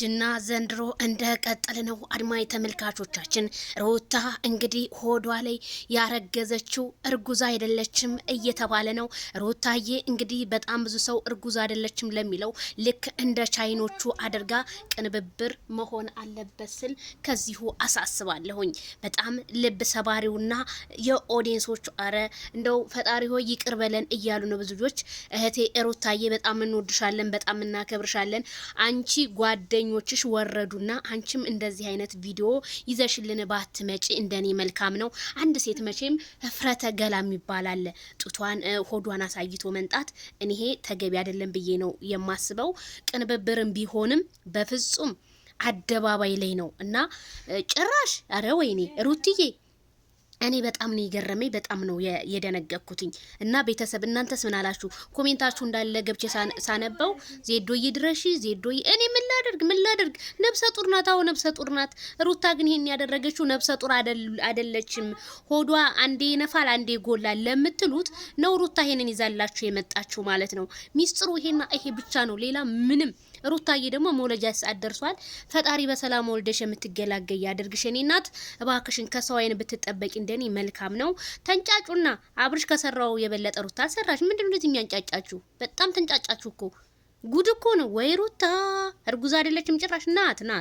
ጉድና ዘንድሮ እንደ ነው። አድማ ተመልካቾቻችን ሩታ እንግዲህ ሆዷ ላይ ያረገዘችው እርጉዝ አይደለችም እየተባለ ነው። ሩታዬ እንግዲህ በጣም ብዙ ሰው እርጉዝ አይደለችም ለሚለው ልክ እንደ ቻይኖቹ አድርጋ ቅንብብር መሆን አለበት ስል ከዚሁ አሳስባለሁኝ። በጣም ልብ ሰባሪውና የኦዲየንሶቹ አረ እንደው ፈጣሪ ሆይ ይቅር በለን እያሉ ነው ብዙ ልጆች። እህቴ ሩታዬ በጣም እንወድሻለን፣ በጣም እናከብርሻለን አንቺ ጓደኛ ጓደኞችሽ ወረዱና አንቺም እንደዚህ አይነት ቪዲዮ ይዘሽልን ባትመጪ እንደኔ መልካም ነው። አንድ ሴት መቼም ህፍረተ ገላም ይባላል ጡቷን ሆዷን አሳይቶ መንጣት እኔሄ ተገቢ አይደለም ብዬ ነው የማስበው። ቅንብብርም ቢሆንም በፍጹም አደባባይ ላይ ነው እና ጭራሽ አረ ወይኔ ሩትዬ እኔ በጣም ነው የገረመኝ፣ በጣም ነው የደነገኩትኝ። እና ቤተሰብ እናንተስ ምን አላችሁ? ኮሜንታችሁ እንዳለ ገብቼ ሳነበው ዜዶዬ ድረሺ ዜዶዬ እኔ ላደርግ ምን ላደርግ? ነብሰ ጡር ናት። አዎ ነብሰ ጡር ናት። ሩታ ግን ይሄን ያደረገችው ነብሰ ጡር አይደለችም። ሆዷ አንዴ ይነፋል፣ አንዴ ይጎላል ለምትሉት ነው ሩታ ይሄንን ይዛላችሁ የመጣችሁ ማለት ነው። ሚስጥሩ ይሄና ይሄ ብቻ ነው፣ ሌላ ምንም። ሩታዬ ደግሞ መውለጃ ሰዓት ደርሷል። ፈጣሪ በሰላም ወልደሽ የምትገላገይ ያደርግሽ። እኔ እናት እባክሽን ከሰው አይን ብትጠበቂ እንደኔ መልካም ነው። ተንጫጩና አብርሽ ከሰራው የበለጠ ሩታ ሰራሽ። ምንድነው እንደዚህ የሚያንጫጫችሁ? በጣም ተንጫጫችሁ እኮ ጉድ እኮ ነው ወይ ሩታ እርጉዝ አይደለችም ጭራሽ ናት ናት